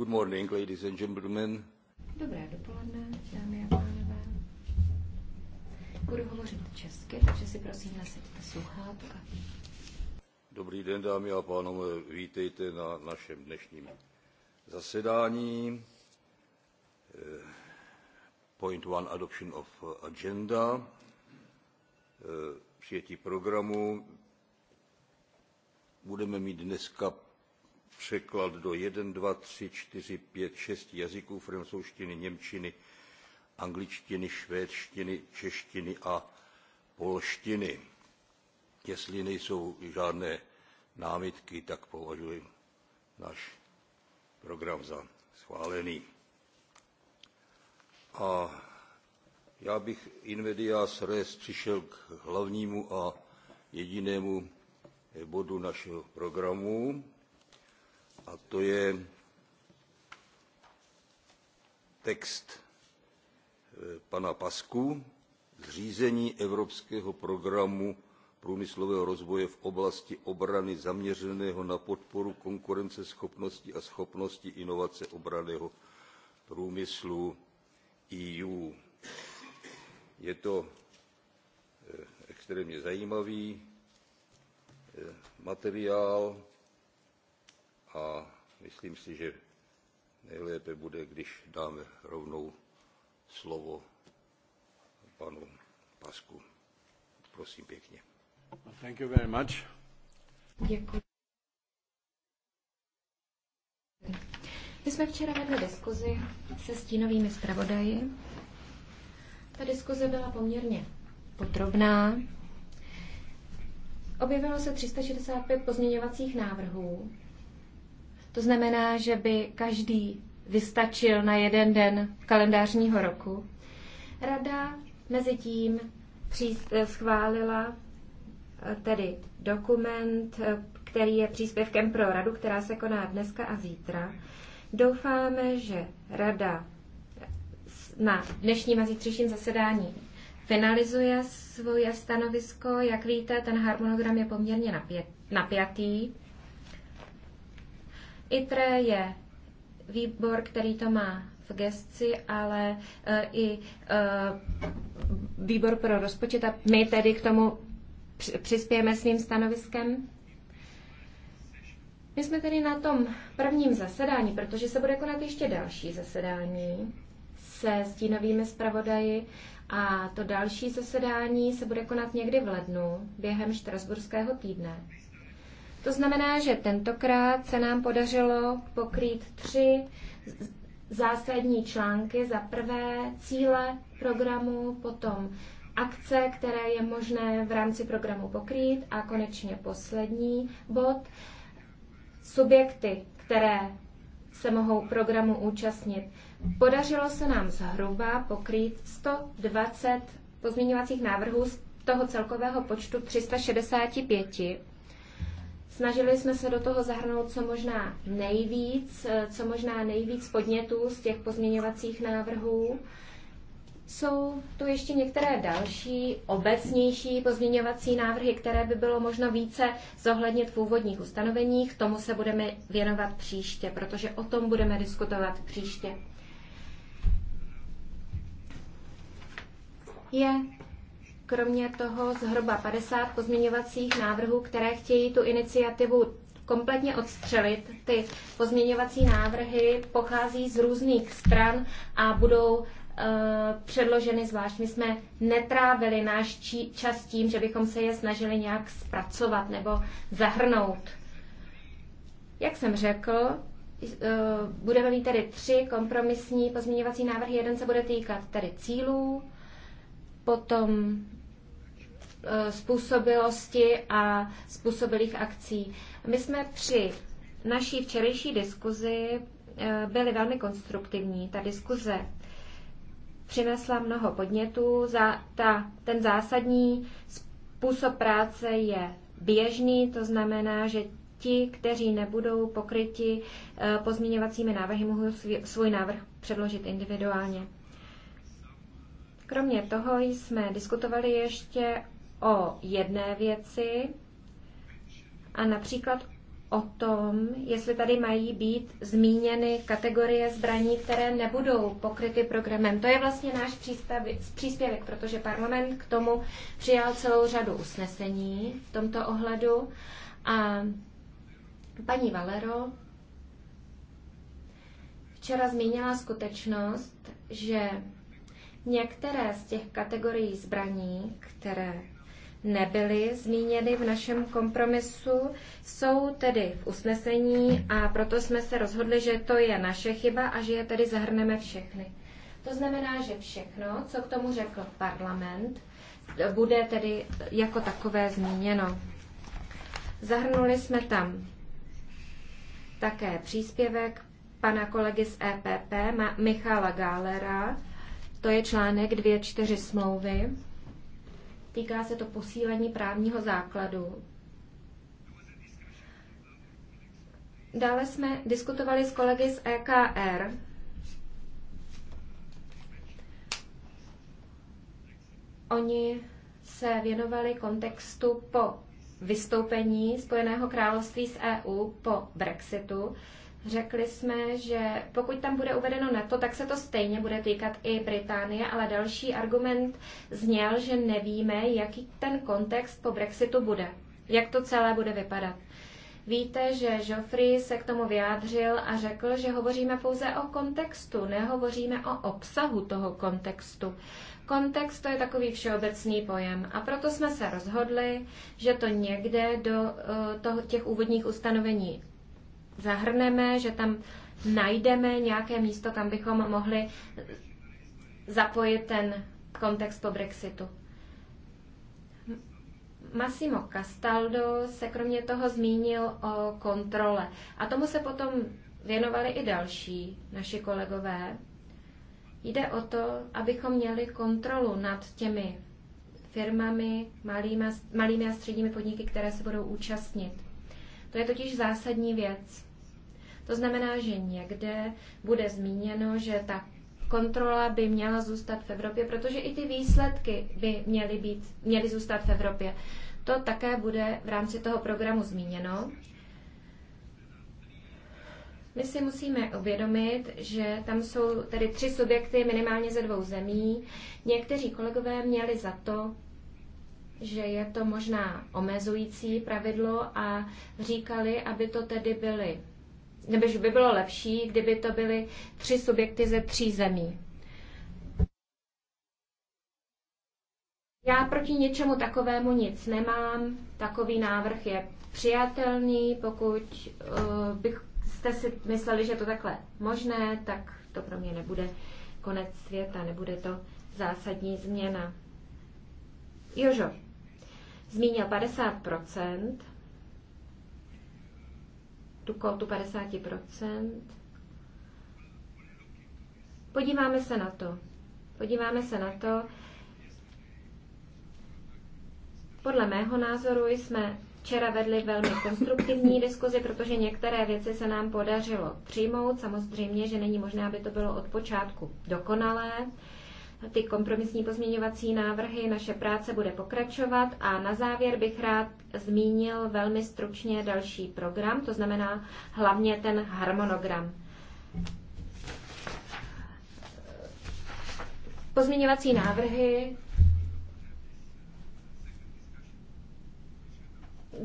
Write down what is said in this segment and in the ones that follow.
Good morning, ladies and gentlemen. Dobré dopoledne, dámy a pánové. Budu hovořit česky, takže si prosím nasaďte sluchátka. Dobrý den, dámy a pánové, vítejte na našem dnešním zasedání. Eh, point one, adoption of agenda. Eh, přijetí programu. Budeme mít dneska překlad do 1, 2, 3, 4, 5, 6 jazyků francouzštiny, němčiny, angličtiny, švédštiny, češtiny a polštiny. Jestli nejsou žádné námitky, tak považuji náš program za schválený. A já bych in medias res přišel k hlavnímu a jedinému bodu našeho programu, a to je text eh, pana Pasku, zřízení Evropského programu průmyslového rozvoje v oblasti obrany zaměřeného na podporu konkurenceschopnosti a schopnosti inovace obranného průmyslu EU. Je to eh, extrémně zajímavý eh, materiál, a myslím si, že nejlépe bude, když dáme rovnou slovo panu Pasku. Prosím pěkně. Thank you very much. Děkuji. My jsme včera vedli diskuzi se stínovými zpravodaji. Ta diskuze byla poměrně podrobná. Objevilo se 365 pozměňovacích návrhů to znamená, že by každý vystačil na jeden den kalendářního roku. Rada mezi tím eh, schválila eh, tedy dokument, eh, který je příspěvkem pro radu, která se koná dneska a zítra. Doufáme, že rada na dnešním a zítřejším zasedání finalizuje svoje stanovisko. Jak víte, ten harmonogram je poměrně napjatý. ITRE je výbor, který to má v gestci, ale e, i e, výbor pro rozpočet a my tedy k tomu přispějeme svým stanoviskem. My jsme tedy na tom prvním zasedání, protože se bude konat ještě další zasedání se stínovými zpravodaji a to další zasedání se bude konat někdy v lednu během Štrasburského týdne. To znamená, že tentokrát se nám podařilo pokrýt tři zásadní články. Za prvé cíle programu, potom akce, které je možné v rámci programu pokrýt a konečně poslední bod, subjekty, které se mohou programu účastnit. Podařilo se nám zhruba pokrýt 120 pozměňovacích návrhů z toho celkového počtu 365. Snažili jsme se do toho zahrnout co možná nejvíc, eh, co možná nejvíc podnětů z těch pozměňovacích návrhů. Jsou tu ještě některé další obecnější pozměňovací návrhy, které by bylo možno více zohlednit v úvodních ustanoveních. Tomu se budeme věnovat příště, protože o tom budeme diskutovat příště. Je kromě toho zhruba 50 pozměňovacích návrhů, které chtějí tu iniciativu kompletně odstřelit. Ty pozměňovací návrhy pochází z různých stran a budou eh, předloženy zvlášť. My jsme netrávili náš čí, čas tím, že bychom se je snažili nějak zpracovat nebo zahrnout. Jak jsem řekl, eh, budeme mít tedy tři kompromisní pozměňovací návrhy. Jeden se bude týkat tedy cílů, potom Eh, způsobilosti a způsobilých akcí. My jsme při naší včerejší diskuzi eh, byli velmi konstruktivní. Ta diskuze přinesla mnoho podnětů. Za, ta, ten zásadní způsob práce je běžný, to znamená, že ti, kteří nebudou pokryti eh, pozměňovacími návrhy, mohou svůj návrh předložit individuálně. Kromě toho jsme diskutovali ještě o jedné věci a například o tom, jestli tady mají být zmíněny kategorie zbraní, které nebudou pokryty programem. To je vlastně náš příspěvek, protože parlament k tomu přijal celou řadu usnesení v tomto ohledu. A paní Valero včera zmínila skutečnost, že některé z těch kategorií zbraní, které nebyly zmíněny v našem kompromisu, jsou tedy v usnesení a proto jsme se rozhodli, že to je naše chyba a že je tedy zahrneme všechny. To znamená, že všechno, co k tomu řekl parlament, bude tedy jako takové zmíněno. Zahrnuli jsme tam také příspěvek pana kolegy z EPP, Michala Gálera, to je článek 2.4 smlouvy. Týká se to posílení právního základu. Dále jsme diskutovali s kolegy z EKR. Oni se věnovali kontextu po vystoupení Spojeného království z EU po Brexitu. Řekli jsme, že pokud tam bude uvedeno NATO, tak se to stejně bude týkat i Británie, ale další argument zněl, že nevíme, jaký ten kontext po Brexitu bude, jak to celé bude vypadat. Víte, že Joffrey se k tomu vyjádřil a řekl, že hovoříme pouze o kontextu, nehovoříme o obsahu toho kontextu. Kontext to je takový všeobecný pojem a proto jsme se rozhodli, že to někde do eh, toho, těch úvodních ustanovení zahrneme, že tam najdeme nějaké místo, kam bychom mohli zapojit ten kontext po Brexitu. Massimo Castaldo se kromě toho zmínil o kontrole. A tomu se potom věnovali i další naši kolegové. Jde o to, abychom měli kontrolu nad těmi firmami, malými, malými a středními podniky, které se budou účastnit to je totiž zásadní věc. To znamená, že někde bude zmíněno, že ta kontrola by měla zůstat v Evropě, protože i ty výsledky by měly, být, měly zůstat v Evropě. To také bude v rámci toho programu zmíněno. My si musíme uvědomit, že tam jsou tedy tři subjekty minimálně ze dvou zemí. Někteří kolegové měli za to, že je to možná omezující pravidlo a říkali, aby to tedy byly, nebo že by bylo lepší, kdyby to byly tři subjekty ze tří zemí. Já proti něčemu takovému nic nemám. Takový návrh je přijatelný. Pokud uh, eh, byste si mysleli, že to takhle možné, tak to pro mě nebude konec světa, nebude to zásadní změna. Jožo, zmínil 50 tu kvotu 50 Podíváme se na to. Podíváme se na to. Podle mého názoru jsme včera vedli velmi konstruktivní diskuzi, protože některé věci se nám podařilo přijmout. Samozřejmě, že není možné, aby to bylo od počátku dokonalé ty kompromisní pozměňovací návrhy. Naše práce bude pokračovat a na závěr bych rád zmínil velmi stručně další program, to znamená hlavně ten harmonogram. Pozměňovací návrhy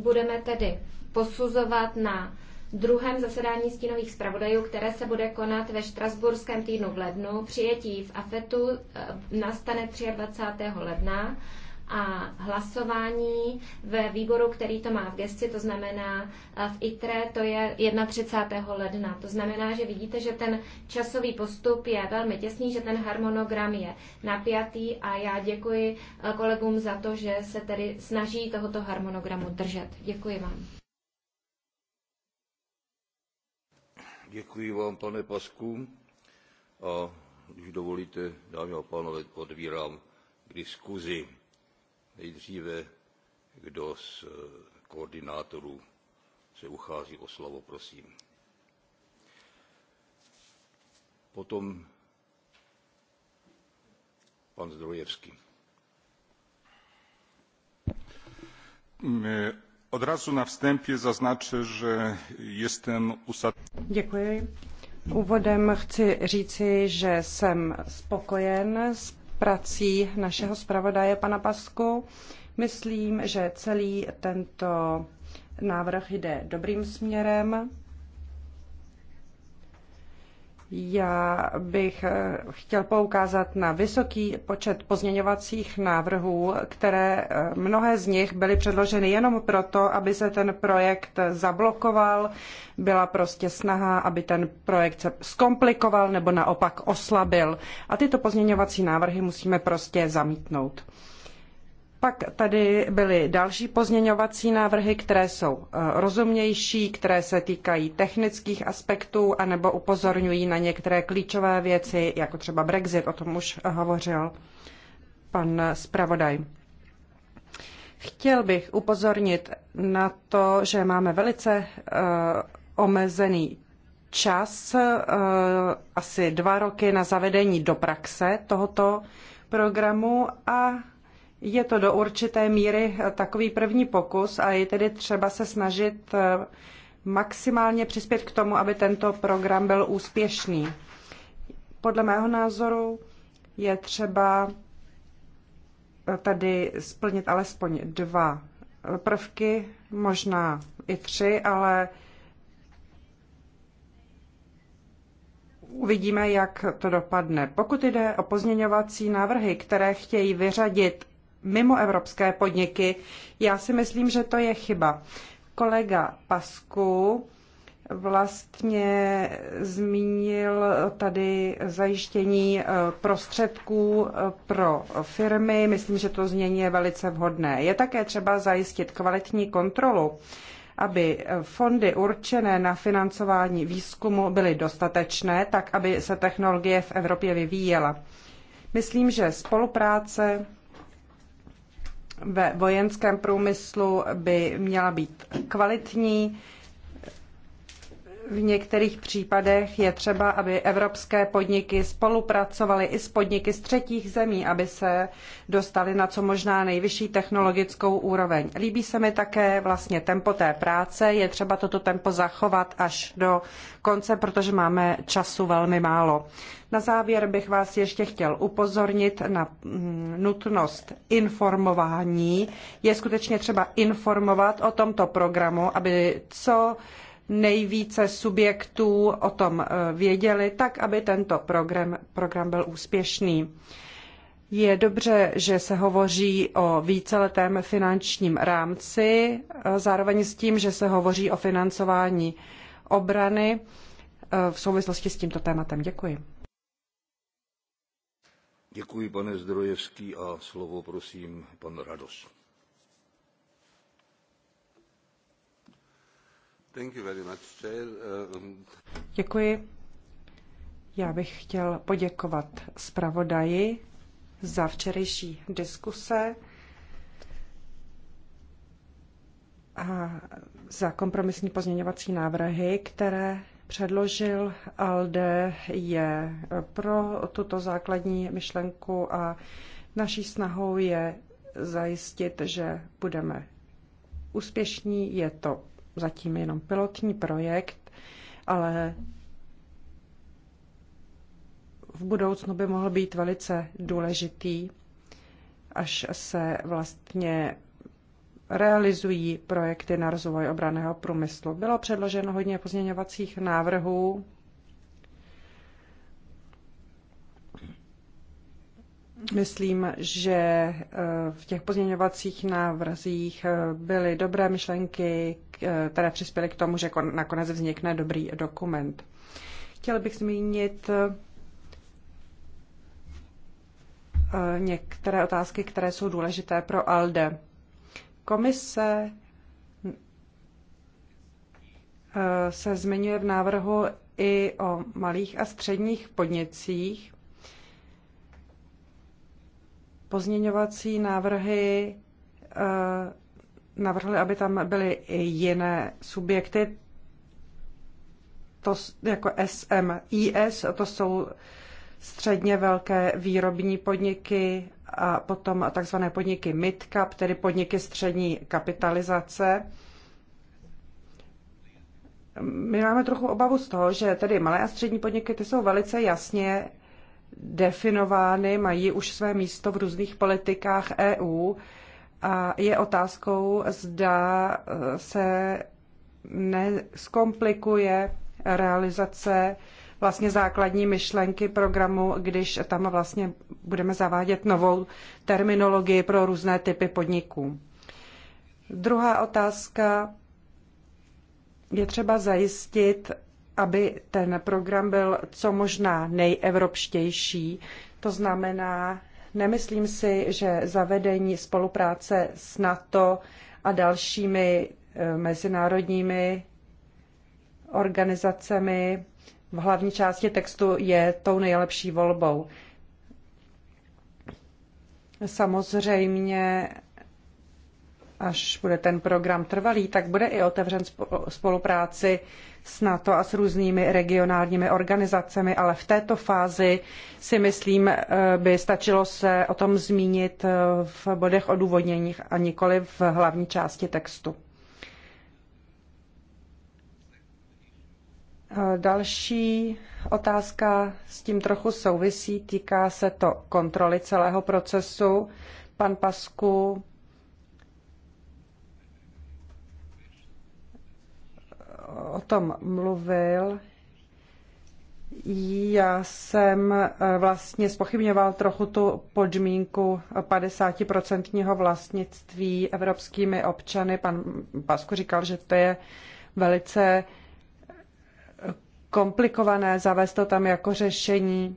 budeme tedy posuzovat na druhém zasedání stínových zpravodajů, které se bude konat ve Štrasburském týdnu v lednu. Přijetí v AFETu eh, nastane 23. ledna a hlasování ve výboru, který to má v gesti, to znamená eh, v ITRE, to je 31. ledna. To znamená, že vidíte, že ten časový postup je velmi těsný, že ten harmonogram je napjatý a já děkuji eh, kolegům za to, že se tedy snaží tohoto harmonogramu držet. Děkuji vám. Děkuji vám, pane Pasku. A když dovolíte, dámy a pánové, otvírám diskusi. diskuzi. Nejdříve, kdo z eh, koordinátorů se uchází o slovo, prosím. Potom pan Zdrojevský. Eh, od razu na vstępie zaznaczę, že jestem usad... Děkuji. Úvodem chci říci, že jsem spokojen s prací našeho zpravodaje pana Pasku. Myslím, že celý tento návrh jde dobrým směrem. Já bych eh, chtěl poukázat na vysoký počet pozměňovacích návrhů, které eh, mnohé z nich byly předloženy jenom proto, aby se ten projekt zablokoval. Byla prostě snaha, aby ten projekt se zkomplikoval nebo naopak oslabil. A tyto pozměňovací návrhy musíme prostě zamítnout. Pak tady byly další pozměňovací návrhy, které jsou eh, rozumnější, které se týkají technických aspektů anebo upozorňují na některé klíčové věci, jako třeba Brexit, o tom už hovořil pan zpravodaj. Chtěl bych upozornit na to, že máme velice uh, omezený čas, uh, asi dva roky na zavedení do praxe tohoto programu a je to do určité míry eh, takový první pokus a je tedy třeba se snažit eh, maximálně přispět k tomu, aby tento program byl úspěšný. Podle mého názoru je třeba eh, tady splnit alespoň dva prvky, možná i tři, ale uvidíme, jak to dopadne. Pokud jde o pozměňovací návrhy, které chtějí vyřadit mimo evropské podniky. Já si myslím, že to je chyba. Kolega Pasku vlastně zmínil tady zajištění eh, prostředků eh, pro firmy. Myslím, že to znění je velice vhodné. Je také třeba zajistit kvalitní kontrolu, aby fondy určené na financování výzkumu byly dostatečné, tak aby se technologie v Evropě vyvíjela. Myslím, že spolupráce ve vojenském průmyslu by měla být kvalitní, v některých případech je třeba, aby evropské podniky spolupracovaly i s podniky z třetích zemí, aby se dostaly na co možná nejvyšší technologickou úroveň. Líbí se mi také vlastně tempo té práce. Je třeba toto tempo zachovat až do konce, protože máme času velmi málo. Na závěr bych vás ještě chtěl upozornit na mm, nutnost informování. Je skutečně třeba informovat o tomto programu, aby co nejvíce subjektů o tom eh, věděli, tak aby tento program, program byl úspěšný. Je dobře, že se hovoří o víceletém finančním rámci, zároveň s tím, že se hovoří o financování obrany eh, v souvislosti s tímto tématem. Děkuji. Děkuji, pane Zdrojevský, a slovo prosím pan Radoš. Uh, Děkuji. Já bych chtěl poděkovat zpravodaji za včerejší diskuse a za kompromisní pozměňovací návrhy, které předložil. ALDE je pro tuto základní myšlenku a naší snahou je zajistit, že budeme úspěšní. Je to zatím jenom pilotní projekt, ale v budoucnu by mohl být velice důležitý, až se vlastně realizují projekty na rozvoj obraného průmyslu. Bylo předloženo hodně pozměňovacích návrhů. Myslím, že eh, v těch pozměňovacích návrzích eh, byly dobré myšlenky, které eh, přispěly k tomu, že nakonec vznikne dobrý dokument. Chtěl bych zmínit eh, některé otázky, které jsou důležité pro ALDE. Komise eh, se zmiňuje v návrhu i o malých a středních podnicích. Pozměňovací návrhy navrhli, aby tam byly i jiné subjekty, to jako SMIS, to jsou středně velké výrobní podniky a potom takzvané podniky midcap, tedy podniky střední kapitalizace. My máme trochu obavu z toho, že tedy malé a střední podniky ty jsou velice jasně definovány, mají už své místo v různých politikách EU a je otázkou, zda eh, se neskomplikuje realizace vlastně základní myšlenky programu, když tam vlastně budeme zavádět novou terminologii pro různé typy podniků. Druhá otázka je třeba zajistit, aby ten program byl co možná nejevropštější. To znamená, Nemyslím si, že zavedení spolupráce s NATO a dalšími eh, mezinárodními organizacemi v hlavní části textu je tou nejlepší volbou. Samozřejmě až bude ten program trvalý, tak bude i otevřen spolupráci s NATO a s různými regionálními organizacemi, ale v této fázi si myslím, eh, by stačilo se o tom zmínit eh, v bodech odůvodněních a nikoli v hlavní části textu. Eh, další otázka s tím trochu souvisí, týká se to kontroly celého procesu. Pan Pasku o tom mluvil. Já jsem eh, vlastně spochybňoval trochu tu podmínku 50% vlastnictví evropskými občany. Pan Pasku říkal, že to je velice eh, komplikované zavést to tam jako řešení,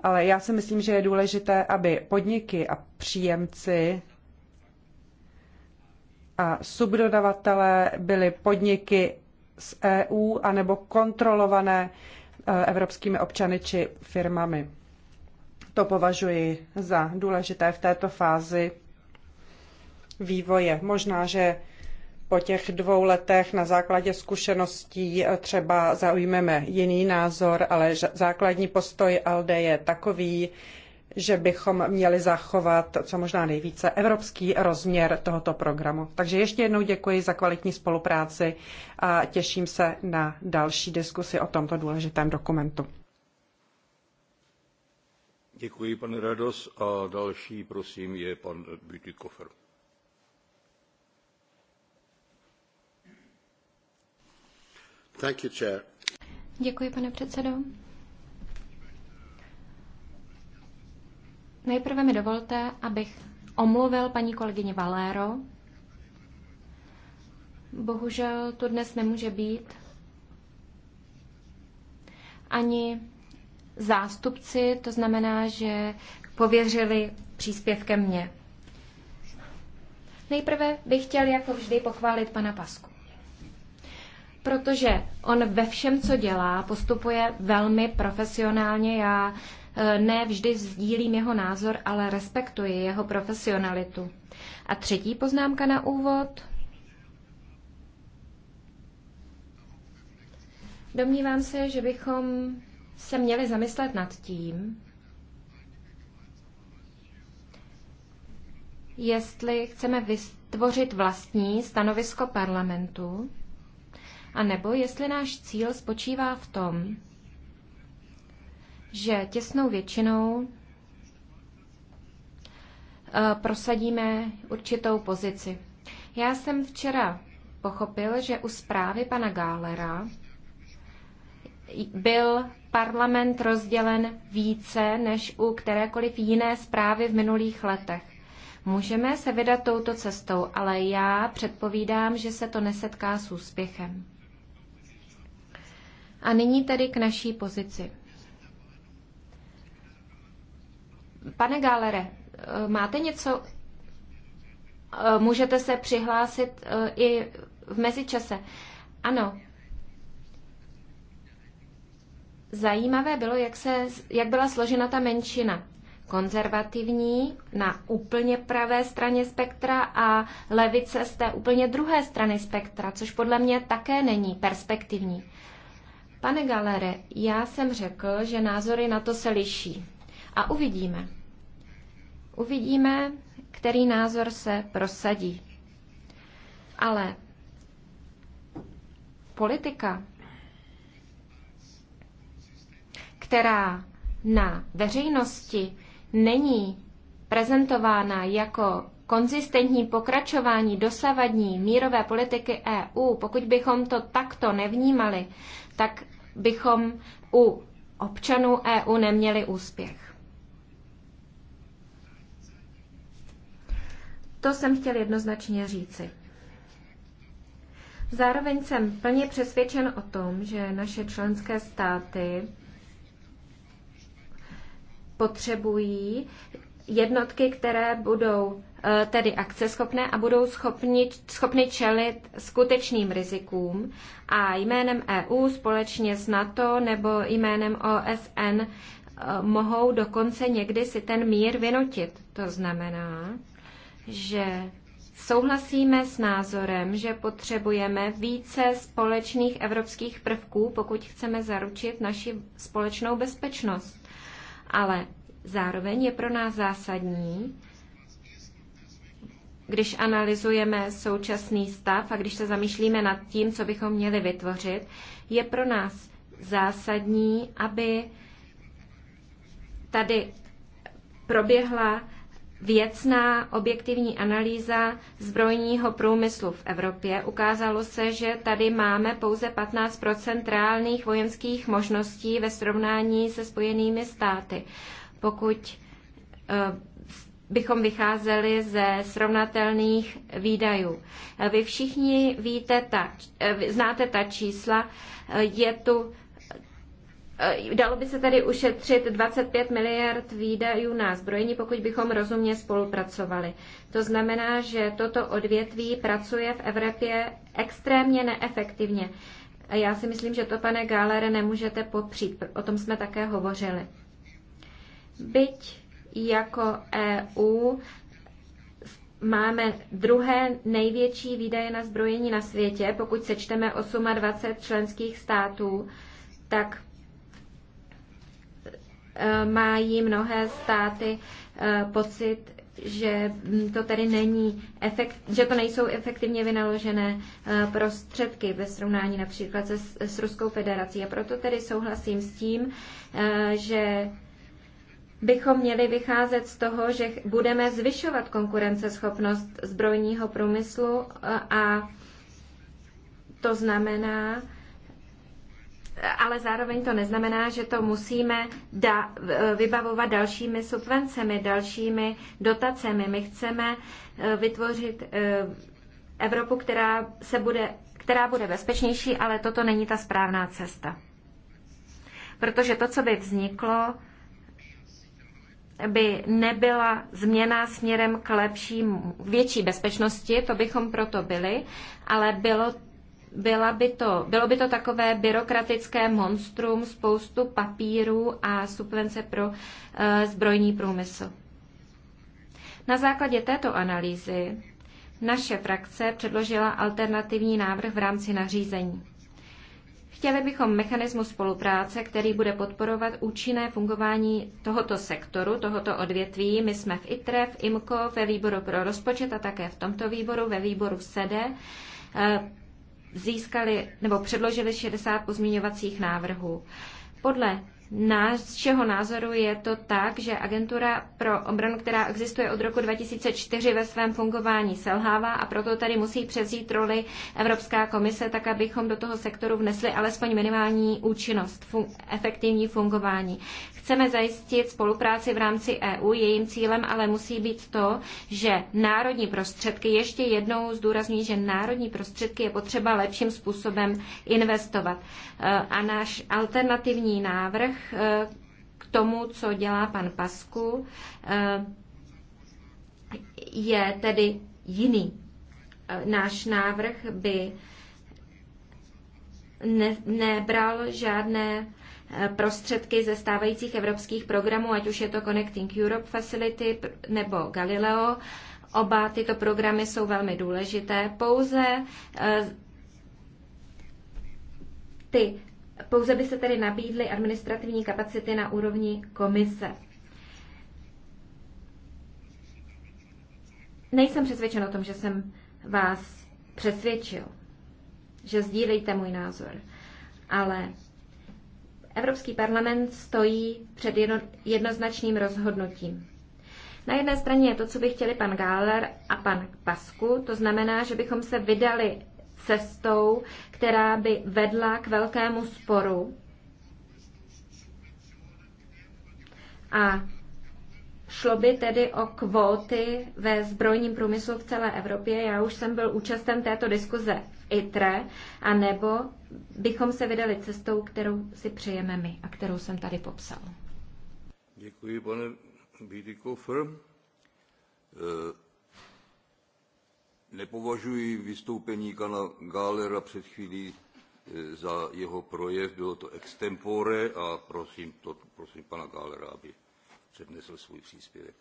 ale já si myslím, že je důležité, aby podniky a příjemci a subdodavatelé byli podniky z EU anebo kontrolované eh, evropskými občany či firmami. To považuji za důležité v této fázi vývoje. Možná, že po těch dvou letech na základě zkušeností eh, třeba zaujmeme jiný názor, ale základní postoj ALDE je takový, že bychom měli zachovat co možná nejvíce evropský rozměr tohoto programu. Takže ještě jednou děkuji za kvalitní spolupráci a těším se na další diskusi o tomto důležitém dokumentu. Děkuji, pane Rados. A další, prosím, je pan Bütikofer. Děkuji, pane předsedo. Nejprve mi dovolte, abych omluvil paní kolegyně Valéro. Bohužel tu dnes nemůže být ani zástupci, to znamená, že pověřili příspěvkem mě. Nejprve bych chtěl jako vždy pochválit pana Pasku, protože on ve všem, co dělá, postupuje velmi profesionálně. Já ne vždy sdílím jeho názor, ale respektuji jeho profesionalitu. A třetí poznámka na úvod. Domnívám se, že bychom se měli zamyslet nad tím, jestli chceme vytvořit vlastní stanovisko parlamentu, anebo jestli náš cíl spočívá v tom, že těsnou většinou eh, prosadíme určitou pozici. Já jsem včera pochopil, že u zprávy pana Gálera byl parlament rozdělen více než u kterékoliv jiné zprávy v minulých letech. Můžeme se vydat touto cestou, ale já předpovídám, že se to nesetká s úspěchem. A nyní tedy k naší pozici. Pane Gálere, eh, máte něco? Eh, můžete se přihlásit eh, i v mezičase. Ano. Zajímavé bylo, jak, se, jak byla složena ta menšina. Konzervativní na úplně pravé straně spektra a levice z té úplně druhé strany spektra, což podle mě také není perspektivní. Pane Galere, já jsem řekl, že názory na to se liší. A uvidíme. Uvidíme, který názor se prosadí. Ale politika, která na veřejnosti není prezentována jako konzistentní pokračování dosavadní mírové politiky EU, pokud bychom to takto nevnímali, tak bychom u občanů EU neměli úspěch. To jsem chtěl jednoznačně říci. Zároveň jsem plně přesvědčen o tom, že naše členské státy potřebují jednotky, které budou eh, tedy akceschopné a budou schopni, schopni čelit skutečným rizikům a jménem EU společně s NATO nebo jménem OSN eh, mohou dokonce někdy si ten mír vynutit. To znamená, že souhlasíme s názorem, že potřebujeme více společných evropských prvků, pokud chceme zaručit naši společnou bezpečnost. Ale zároveň je pro nás zásadní, když analyzujeme současný stav a když se zamýšlíme nad tím, co bychom měli vytvořit, je pro nás zásadní, aby tady proběhla věcná objektivní analýza zbrojního průmyslu v Evropě. Ukázalo se, že tady máme pouze 15 reálných vojenských možností ve srovnání se Spojenými státy. Pokud eh, bychom vycházeli ze srovnatelných výdajů. Vy všichni víte ta, eh, znáte ta čísla, eh, je tu Eh, dalo by se tedy ušetřit 25 miliard výdajů na zbrojení, pokud bychom rozumně spolupracovali. To znamená, že toto odvětví pracuje v Evropě extrémně neefektivně. A já si myslím, že to, pane Gálere, nemůžete popřít. O tom jsme také hovořili. Byť jako EU máme druhé největší výdaje na zbrojení na světě, pokud sečteme 28 členských států, tak Eh, mají mnohé státy eh, pocit, že to tady není efekt, že to nejsou efektivně vynaložené eh, prostředky ve srovnání například se, s Ruskou federací. A proto tedy souhlasím s tím, že bychom měli vycházet z toho, že budeme zvyšovat konkurenceschopnost zbrojního průmyslu a to znamená, ale zároveň to neznamená, že to musíme da, e, vybavovat dalšími subvencemi, dalšími dotacemi. My chceme e, vytvořit e, Evropu, která, se bude, která bude bezpečnější, ale toto není ta správná cesta. Protože to, co by vzniklo, by nebyla změna směrem k lepší, větší bezpečnosti, to bychom proto byli, ale bylo byla by to, bylo by to takové byrokratické monstrum, spoustu papíru a subvence pro e, zbrojní průmysl. Na základě této analýzy naše frakce předložila alternativní návrh v rámci nařízení. Chtěli bychom mechanismus spolupráce, který bude podporovat účinné fungování tohoto sektoru, tohoto odvětví. My jsme v ITRE, v IMCO, ve výboru pro rozpočet a také v tomto výboru, ve výboru SEDE eh, získali nebo předložili 60 pozměňovacích návrhů. Podle čeho názoru je to tak, že agentura pro obranu, která existuje od roku 2004 ve svém fungování, selhává a proto tady musí přezít roli Evropská komise, tak abychom do toho sektoru vnesli alespoň minimální účinnost, fun- efektivní fungování. Chceme zajistit spolupráci v rámci EU, jejím cílem ale musí být to, že národní prostředky, ještě jednou zdůrazní, že národní prostředky je potřeba lepším způsobem investovat. E, a náš alternativní návrh návrh eh, k tomu, co dělá pan Pasku, eh, je tedy jiný. Eh, náš návrh by ne, nebral žádné prostředky ze stávajících evropských programů, ať už je to Connecting Europe Facility nebo Galileo. Oba tyto programy jsou velmi důležité. Pouze ty pouze by se tedy nabídly administrativní kapacity na úrovni komise. Nejsem přesvědčen o tom, že jsem vás přesvědčil, že sdílejte můj názor, ale Evropský parlament stojí před jedno, jednoznačným rozhodnutím. Na jedné straně je to, co by chtěli pan Gáler a pan Pasku, to znamená, že bychom se vydali cestou, která by vedla k velkému sporu. A Šlo by tedy o kvóty ve zbrojním průmyslu v celé Evropě. Já už jsem byl účastem této diskuze v ITRE, a nebo bychom se vydali cestou, kterou si přejeme my a kterou jsem tady popsal. Děkuji, pane Kofr. Nepovažuji vystoupení pana Gálera před chvílí e, za jeho projev, bylo to extempore a prosím, to, prosím pana Gálera, aby přednesl svůj příspěvek.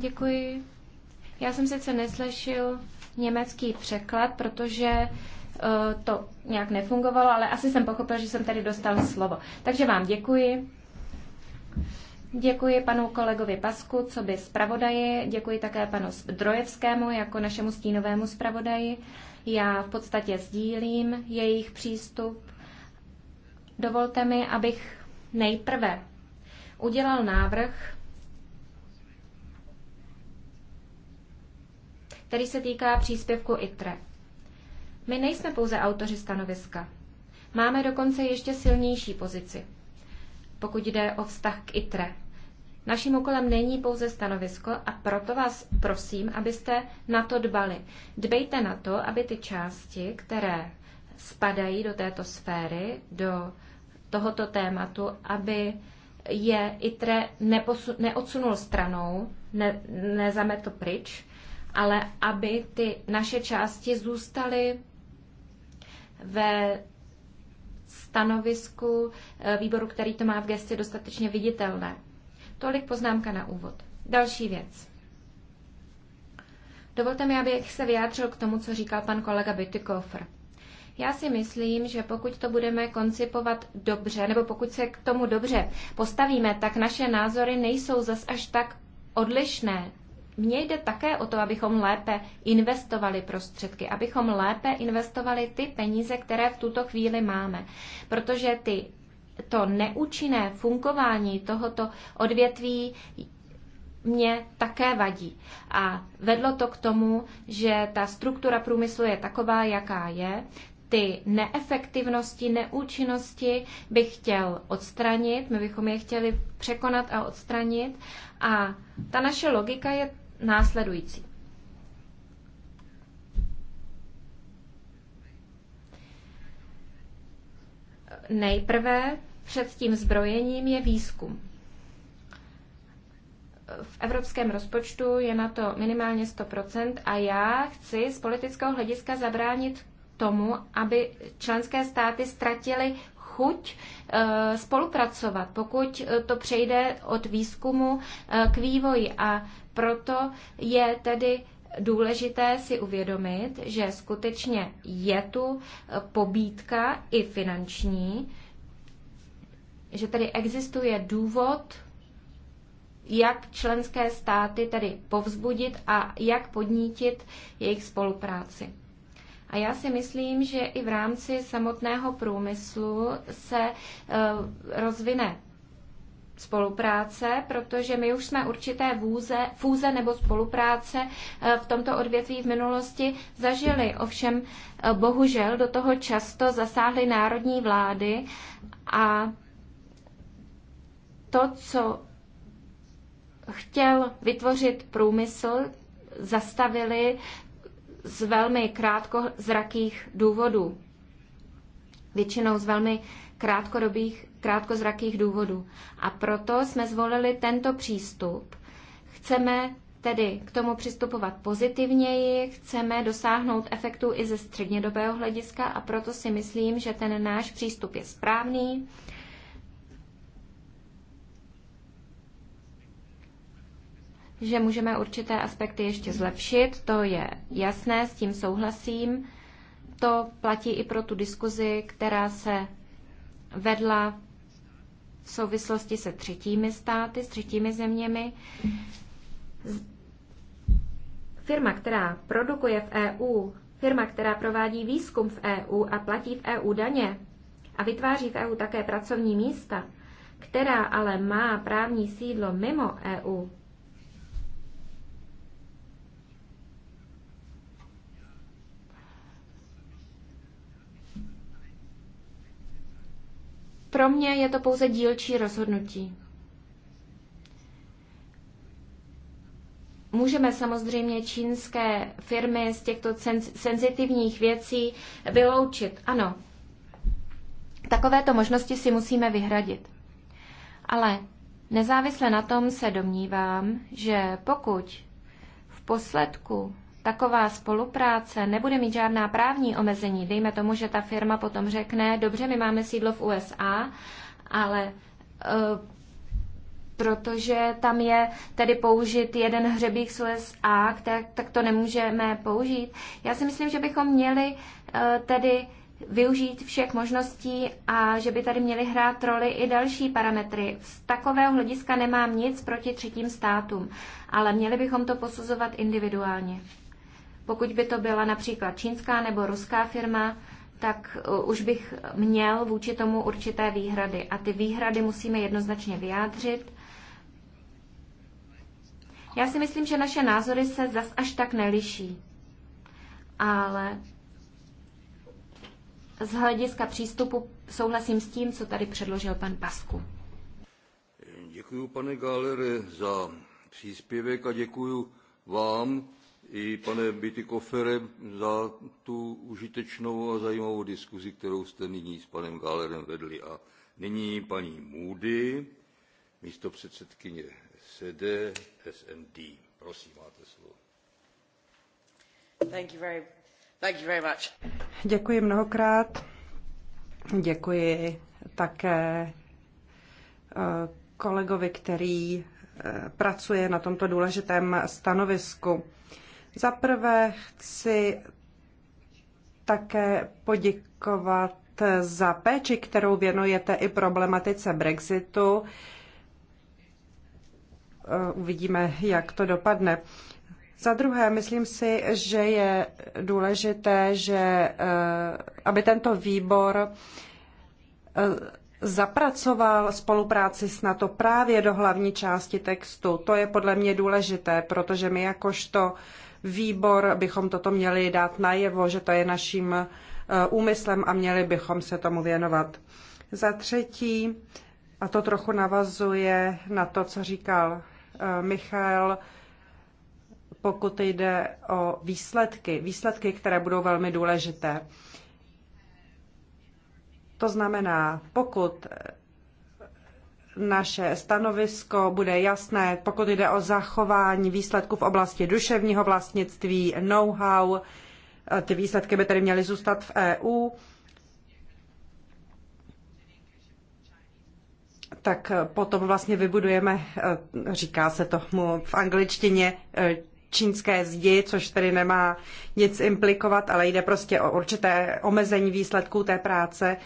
Děkuji. Já jsem sice neslyšel německý překlad, protože e, to nějak nefungovalo, ale asi jsem pochopil, že jsem tady dostal slovo. Takže vám děkuji. Děkuji panu kolegovi Pasku, co by zpravodaji, děkuji také panu Drojevskému jako našemu stínovému zpravodaji. Já v podstatě sdílím jejich přístup. Dovolte mi, abych nejprve udělal návrh, který se týká příspěvku ITRE. My nejsme pouze autoři stanoviska. Máme dokonce ještě silnější pozici, pokud jde o vztah k ITRE. Naším úkolem není pouze stanovisko a proto vás prosím, abyste na to dbali. Dbejte na to, aby ty části, které spadají do této sféry, do tohoto tématu, aby je ITRE neposu, neodsunul stranou, ne, nezametl pryč, ale aby ty naše části zůstaly ve stanovisku eh, výboru, který to má v gestě, dostatečně viditelné. Tolik poznámka na úvod. Další věc. Dovolte mi, abych se vyjádřil k tomu, co říkal pan kolega Bytykofr. Já si myslím, že pokud to budeme koncipovat dobře, nebo pokud se k tomu dobře postavíme, tak naše názory nejsou zas až tak odlišné. Mně jde také o to, abychom lépe investovali prostředky, abychom lépe investovali ty peníze, které v tuto chvíli máme. Protože ty to neúčinné funkování tohoto odvětví mě také vadí. A vedlo to k tomu, že ta struktura průmyslu je taková, jaká je. Ty neefektivnosti, neúčinnosti bych chtěl odstranit, my bychom je chtěli překonat a odstranit. A ta naše logika je následující. Nejprve před tím zbrojením je výzkum. V evropském rozpočtu je na to minimálně 100% a já chci z politického hlediska zabránit tomu, aby členské státy ztratily chuť eh, spolupracovat, pokud eh, to přejde od výzkumu eh, k vývoji. A proto je tedy důležité si uvědomit, že skutečně je tu eh, pobídka i finanční, že tady existuje důvod, jak členské státy tedy povzbudit a jak podnítit jejich spolupráci. A já si myslím, že i v rámci samotného průmyslu se eh, rozvine spolupráce, protože my už jsme určité vůze, fůze nebo spolupráce eh, v tomto odvětví v minulosti zažili. Ovšem, eh, bohužel do toho často zasáhly národní vlády a to, co chtěl vytvořit průmysl, zastavili z velmi krátkozrakých důvodů. Většinou z velmi krátkodobých krátkozrakých důvodů. A proto jsme zvolili tento přístup. Chceme tedy k tomu přistupovat pozitivněji, chceme dosáhnout efektů i ze střednědobého hlediska a proto si myslím, že ten náš přístup je správný. že můžeme určité aspekty ještě zlepšit, to je jasné, s tím souhlasím. To platí i pro tu diskuzi, která se vedla v souvislosti se třetími státy, s třetími zeměmi. Firma, která produkuje v EU, firma, která provádí výzkum v EU a platí v EU daně a vytváří v EU také pracovní místa, která ale má právní sídlo mimo EU, Pro mě je to pouze dílčí rozhodnutí. Můžeme samozřejmě čínské firmy z těchto senzitivních věcí vyloučit. Ano, takovéto možnosti si musíme vyhradit. Ale nezávisle na tom se domnívám, že pokud v posledku taková spolupráce nebude mít žádná právní omezení. Dejme tomu, že ta firma potom řekne, dobře, my máme sídlo v USA, ale e, protože tam je tedy použit jeden hřebík z USA, tak, tak to nemůžeme použít. Já si myslím, že bychom měli e, tedy využít všech možností a že by tady měly hrát roli i další parametry. Z takového hlediska nemám nic proti třetím státům, ale měli bychom to posuzovat individuálně. Pokud by to byla například čínská nebo ruská firma, tak uh, už bych měl vůči tomu určité výhrady. A ty výhrady musíme jednoznačně vyjádřit. Já si myslím, že naše názory se zas až tak neliší. Ale z hlediska přístupu souhlasím s tím, co tady předložil pan Pasku. Děkuji, pane Galery, za příspěvek a děkuji vám i pane Bytykoferem za tu užitečnou a zajímavou diskuzi, kterou jste nyní s panem Gálerem vedli. A nyní paní Moody, místo předsedkyně SED, SND. Prosím, máte slovo. Thank you very, thank you very much. Děkuji mnohokrát. Děkuji také eh, kolegovi, který eh, pracuje na tomto důležitém stanovisku. Za prvé chci také poděkovat za péči, kterou věnujete i problematice Brexitu. Eh, uvidíme, jak to dopadne. Za druhé, myslím si, že je důležité, že eh, aby tento výbor eh, zapracoval spolupráci s NATO právě do hlavní části textu. To je podle mě důležité, protože my jakožto výbor bychom toto měli dát najevo, že to je naším eh, úmyslem a měli bychom se tomu věnovat. Za třetí, a to trochu navazuje na to, co říkal eh, Michal, pokud jde o výsledky, výsledky, které budou velmi důležité. To znamená, pokud naše stanovisko bude jasné, pokud jde o zachování výsledků v oblasti duševního vlastnictví, know-how. Ty výsledky by tedy měly zůstat v EU. Tak potom vlastně vybudujeme, eh, říká se tomu v angličtině, eh, čínské zdi, což tedy nemá nic implikovat, ale jde prostě o určité omezení výsledků té práce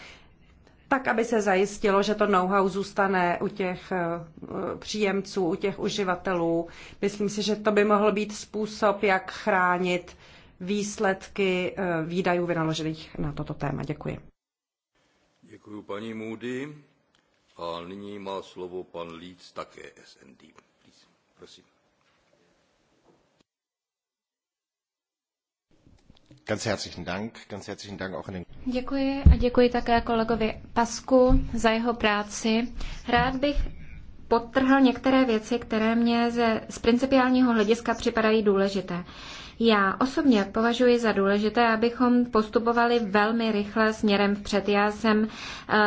tak aby se zajistilo, že to know-how zůstane u těch eh, příjemců, u těch uživatelů. Myslím si, že to by mohl být způsob, jak chránit výsledky eh, výdajů vynaložených na toto téma. Děkuji. Děkuji paní Moody. A nyní má slovo pan Líc, také SND. Please, prosím. Ganz herzlichen Dank, ganz herzlichen Dank auch den Děkuji a děkuji také kolegovi Pasku za jeho práci. Rád bych podtrhl některé věci, které mě ze, z principiálního hlediska připadají důležité. Já osobně považuji za důležité, abychom postupovali velmi rychle směrem vpřed. Já jsem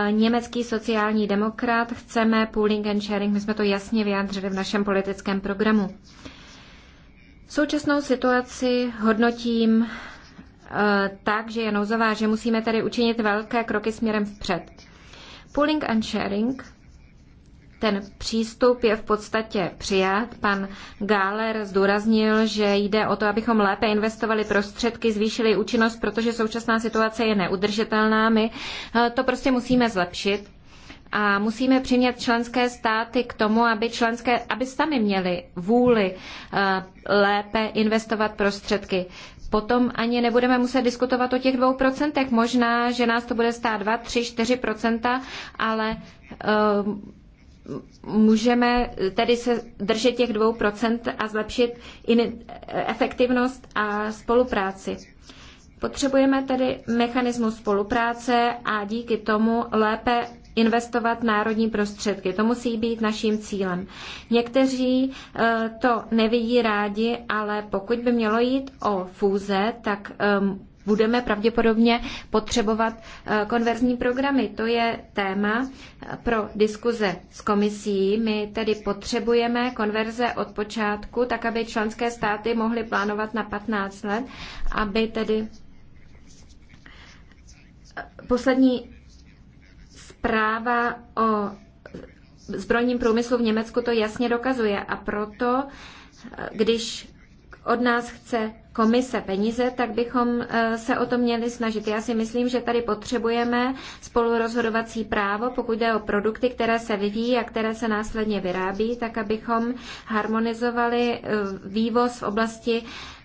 e, německý sociální demokrat, chceme pooling and sharing, my jsme to jasně vyjádřili v našem politickém programu. Současnou situaci hodnotím Eh, tak, že je nouzová, že musíme tedy učinit velké kroky směrem vpřed. Pooling and sharing, ten přístup je v podstatě přijat. Pan Gáler zdůraznil, že jde o to, abychom lépe investovali prostředky, zvýšili účinnost, protože současná situace je neudržitelná. My eh, to prostě musíme zlepšit a musíme přimět členské státy k tomu, aby, členské, aby sami měli vůli eh, lépe investovat prostředky. Potom ani nebudeme muset diskutovat o těch dvou procentech. Možná, že nás to bude stát 2, 3, 4 procenta, ale eh, můžeme tedy se držet těch dvou procent a zlepšit eh, efektivnost a spolupráci. Potřebujeme tedy mechanismus spolupráce a díky tomu lépe investovat národní prostředky. To musí být naším cílem. Někteří eh, to nevidí rádi, ale pokud by mělo jít o fúze, tak ehm, budeme pravděpodobně potřebovat eh, konverzní programy. To je téma eh, pro diskuze s komisí. My tedy potřebujeme konverze od počátku, tak aby členské státy mohly plánovat na 15 let, aby tedy poslední Zpráva o zbrojním průmyslu v Německu to jasně dokazuje a proto, když od nás chce komise peníze, tak bychom e, se o to měli snažit. Já si myslím, že tady potřebujeme spolurozhodovací právo, pokud jde o produkty, které se vyvíjí a které se následně vyrábí, tak abychom harmonizovali e, vývoz v oblasti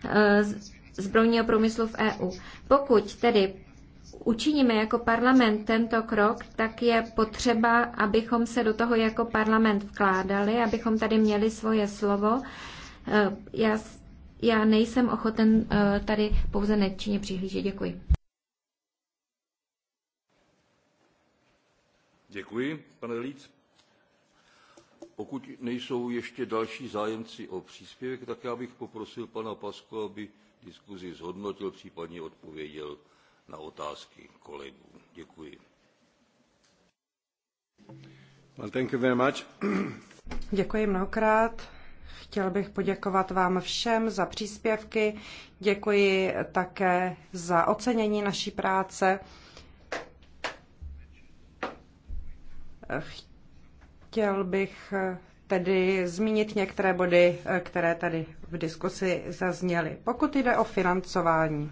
e, zbrojního průmyslu v EU. Pokud tedy učiníme jako parlament tento krok, tak je potřeba, abychom se do toho jako parlament vkládali, abychom tady měli svoje slovo. Eh, já, já nejsem ochoten eh, tady pouze nečinně přihlížet. Děkuji. Děkuji, pane Líc. Pokud nejsou ještě další zájemci o příspěvek, tak já bych poprosil pana Pasko, aby diskuzi zhodnotil, případně odpověděl na otázky kolegů. Děkuji. Well, thank you very much. Děkuji mnohokrát. Chtěl bych poděkovat vám všem za příspěvky. Děkuji také za ocenění naší práce. Chtěl bych tedy zmínit některé body, které tady v diskusi zazněly. Pokud jde o financování,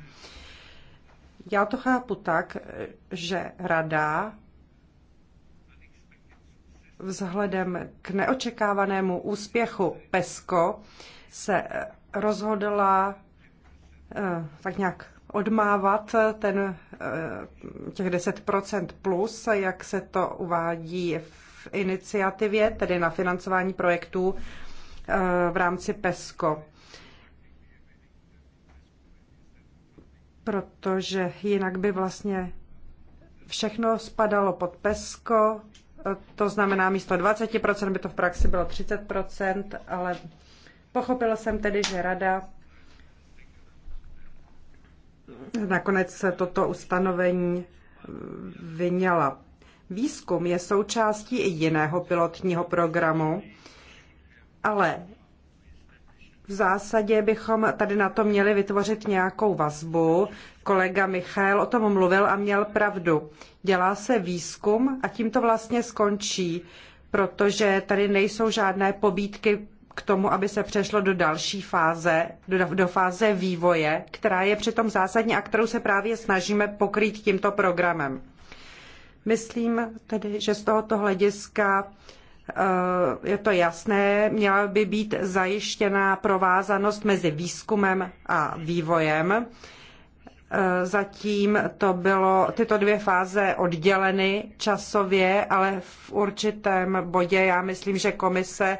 já to chápu tak, že rada vzhledem k neočekávanému úspěchu PESCO se eh, rozhodla eh, tak nějak odmávat ten, eh, těch 10% plus, jak se to uvádí v iniciativě, tedy na financování projektů v rámci PESCO. protože jinak by vlastně všechno spadalo pod PESCO, to znamená místo 20% by to v praxi bylo 30%, ale pochopila jsem tedy, že rada nakonec se toto ustanovení vyněla. Výzkum je součástí i jiného pilotního programu, ale v zásadě bychom tady na to měli vytvořit nějakou vazbu. Kolega Michal o tom mluvil a měl pravdu. Dělá se výzkum a tím to vlastně skončí, protože tady nejsou žádné pobídky k tomu, aby se přešlo do další fáze, do, do fáze vývoje, která je přitom zásadní a kterou se právě snažíme pokrýt tímto programem. Myslím tedy, že z tohoto hlediska Eh, je to jasné, měla by být zajištěna provázanost mezi výzkumem a vývojem. Eh, zatím to bylo tyto dvě fáze odděleny časově, ale v určitém bodě já myslím, že komise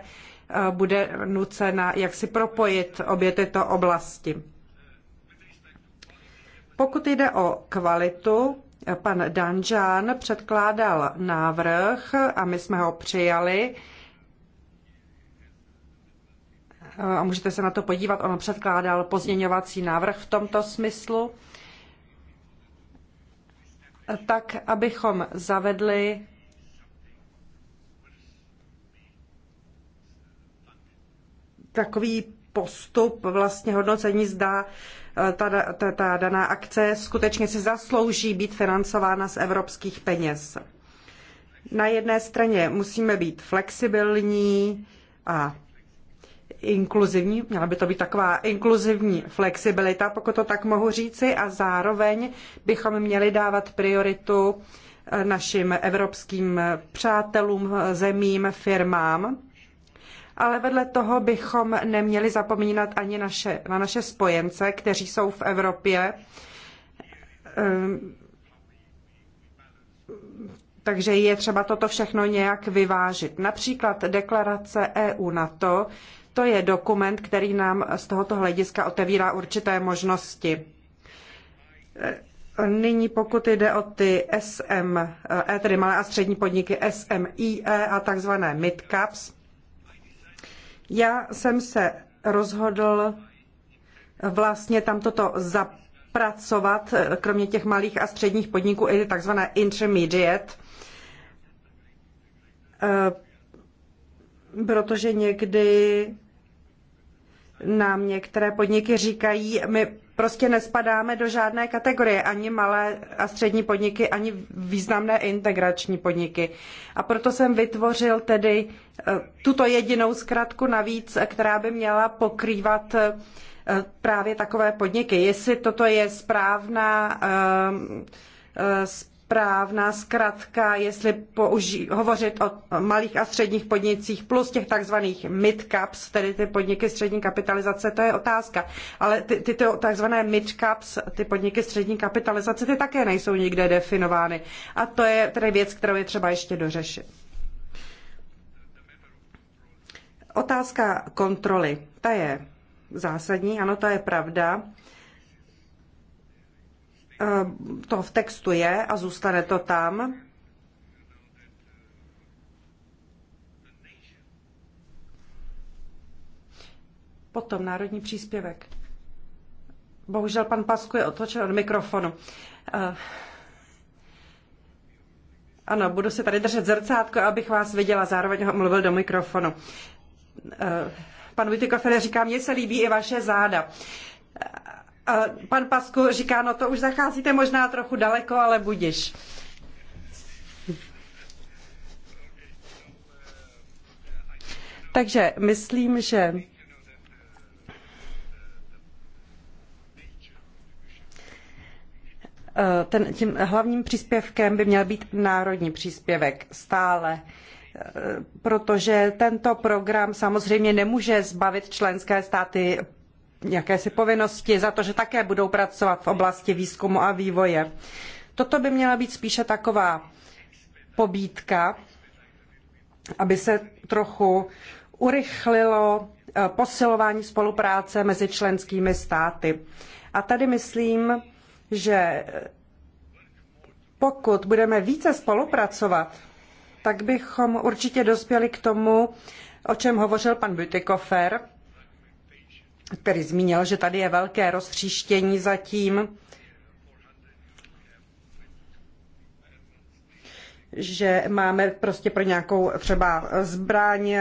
eh, bude nucena jak si propojit obě tyto oblasti. Pokud jde o kvalitu, Pan Danžán předkládal návrh a my jsme ho přijali. A můžete se na to podívat, on předkládal pozměňovací návrh v tomto smyslu, tak abychom zavedli takový postup vlastně hodnocení zda Eh, ta, ta, ta daná akce skutečně si zaslouží být financována z evropských peněz. Na jedné straně musíme být flexibilní a inkluzivní, měla by to být taková inkluzivní flexibilita, pokud to tak mohu říci, a zároveň bychom měli dávat prioritu eh, našim evropským eh, přátelům, zemím, firmám ale vedle toho bychom neměli zapomínat ani naše, na naše spojence, kteří jsou v Evropě. Ehm, takže je třeba toto všechno nějak vyvážit. Například deklarace EU NATO, to je dokument, který nám z tohoto hlediska otevírá určité možnosti. E, nyní pokud jde o ty SME, tedy malé a střední podniky SMIE a takzvané midcaps, já jsem se rozhodl vlastně tam toto zapracovat, kromě těch malých a středních podniků, i takzvané intermediate, eh, protože někdy nám některé podniky říkají, my prostě nespadáme do žádné kategorie, ani malé a střední podniky, ani významné integrační podniky. A proto jsem vytvořil tedy eh, tuto jedinou zkratku navíc, eh, která by měla pokrývat eh, právě takové podniky. Jestli toto je správná, správná správná zkratka, jestli použí, hovořit o malých a středních podnicích plus těch takzvaných mid-caps, tedy ty podniky střední kapitalizace, to je otázka. Ale ty, ty takzvané mid-caps, ty podniky střední kapitalizace, ty také nejsou nikde definovány. A to je tedy věc, kterou je třeba ještě dořešit. Otázka kontroly, ta je zásadní, ano, to je pravda. Eh, to v textu je a zůstane to tam. Potom národní příspěvek. Bohužel pan Pasku je otočen od mikrofonu. Eh, ano, budu se tady držet zrcátko, abych vás viděla. Zároveň ho mluvil do mikrofonu. Eh, pan Vitikofer říká, mně se líbí i vaše záda pan Pasku říká, no to už zacházíte možná trochu daleko, ale budiš. Takže myslím, že ten, tím hlavním příspěvkem by měl být národní příspěvek stále protože tento program samozřejmě nemůže zbavit členské státy jakési povinnosti za to, že také budou pracovat v oblasti výzkumu a vývoje. Toto by měla být spíše taková pobídka, aby se trochu urychlilo eh, posilování spolupráce mezi členskými státy. A tady myslím, že eh, pokud budeme více spolupracovat, tak bychom určitě dospěli k tomu, o čem hovořil pan Bütikofer, který zmínil, že tady je velké roztříštění zatím, že máme prostě pro nějakou třeba zbraň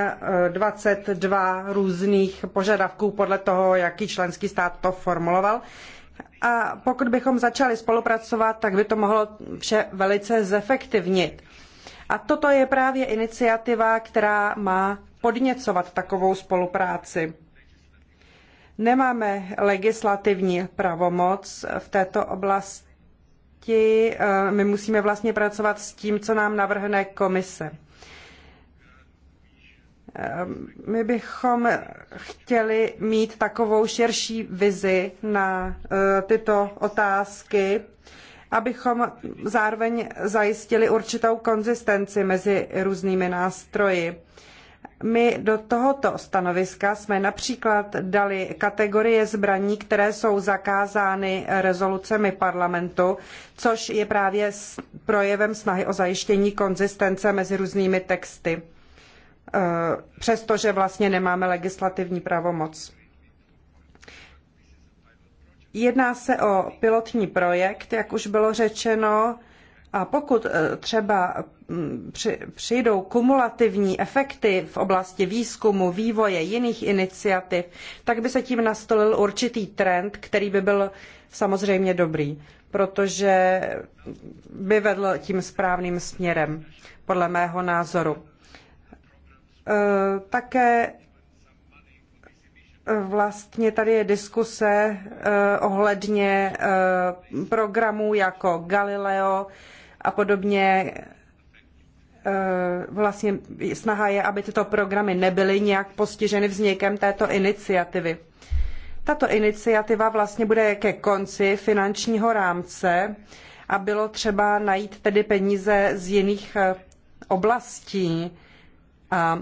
22 eh, různých požadavků podle toho, jaký členský stát to formuloval. A pokud bychom začali spolupracovat, tak by to mohlo vše velice zefektivnit. A toto je právě iniciativa, která má podněcovat takovou spolupráci. Nemáme legislativní pravomoc v této oblasti. Eh, my musíme vlastně pracovat s tím, co nám navrhne komise. Eh, my bychom chtěli mít takovou širší vizi na eh, tyto otázky, abychom zároveň zajistili určitou konzistenci mezi různými nástroji. My do tohoto stanoviska jsme například dali kategorie zbraní, které jsou zakázány rezolucemi parlamentu, což je právě projevem snahy o zajištění konzistence mezi různými texty, e, přestože vlastně nemáme legislativní pravomoc. Jedná se o pilotní projekt, jak už bylo řečeno, a pokud e, třeba Mm, přijdou kumulativní efekty v oblasti výzkumu, vývoje, jiných iniciativ, tak by se tím nastolil určitý trend, který by byl samozřejmě dobrý, protože by vedl tím správným směrem, podle mého názoru. E, také e, vlastně tady je diskuse e, ohledně programů jako Galileo a podobně, Eh, vlastně snaha je, aby tyto programy nebyly nějak postiženy vznikem této iniciativy. Tato iniciativa vlastně bude ke konci finančního rámce a bylo třeba najít tedy peníze z jiných eh, oblastí. A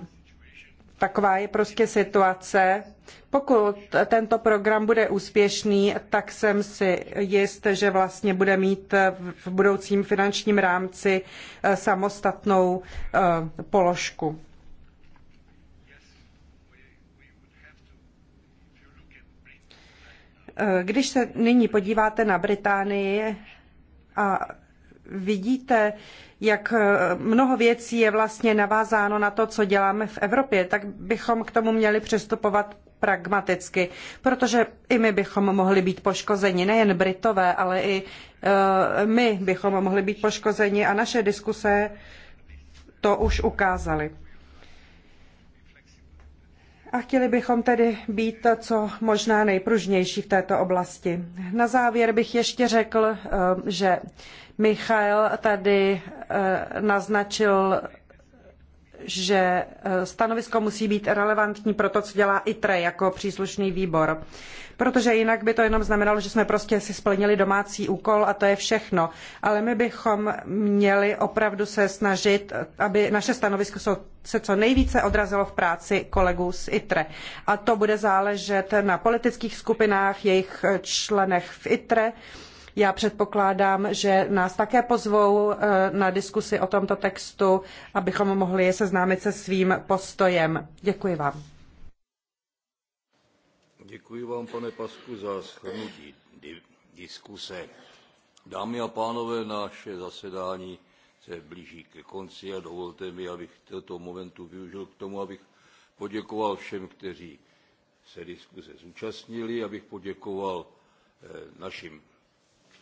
Taková je prostě situace. Pokud tento program bude úspěšný, tak jsem si jist, že vlastně bude mít v budoucím finančním rámci eh, samostatnou eh, položku. Eh, když se nyní podíváte na Británii a vidíte, jak mnoho věcí je vlastně navázáno na to, co děláme v Evropě, tak bychom k tomu měli přistupovat pragmaticky, protože i my bychom mohli být poškozeni, nejen Britové, ale i eh, my bychom mohli být poškozeni a naše diskuse to už ukázaly a chtěli bychom tedy být co možná nejpružnější v této oblasti. Na závěr bych ještě řekl, eh, že Michael tady eh, naznačil že eh, stanovisko musí být relevantní pro to, co dělá ITRE jako příslušný výbor. Protože jinak by to jenom znamenalo, že jsme prostě si splnili domácí úkol a to je všechno. Ale my bychom měli opravdu se snažit, aby naše stanovisko se co nejvíce odrazilo v práci kolegů z ITRE. A to bude záležet na politických skupinách, jejich eh, členech v ITRE, já předpokládám, že nás také pozvou eh, na diskusi o tomto textu, abychom mohli seznámit se svým postojem. Děkuji vám. Děkuji vám, pane Pasku, za shrnutí diskuse. Dámy a pánové, naše zasedání se blíží ke konci a dovolte mi, abych tento momentu využil k tomu, abych poděkoval všem, kteří se diskuse zúčastnili, abych poděkoval eh, našim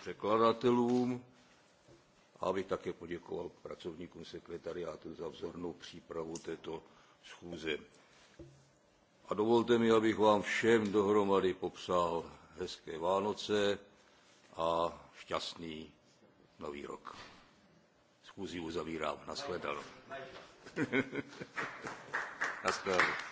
předkladatelům a abych také poděkoval pracovníkům sekretariátu za vzornou přípravu této schůze. A dovolte mi, abych vám všem dohromady popřál hezké Vánoce a šťastný nový rok. Schůzi uzavírám. Naschledanou. Naschledanou.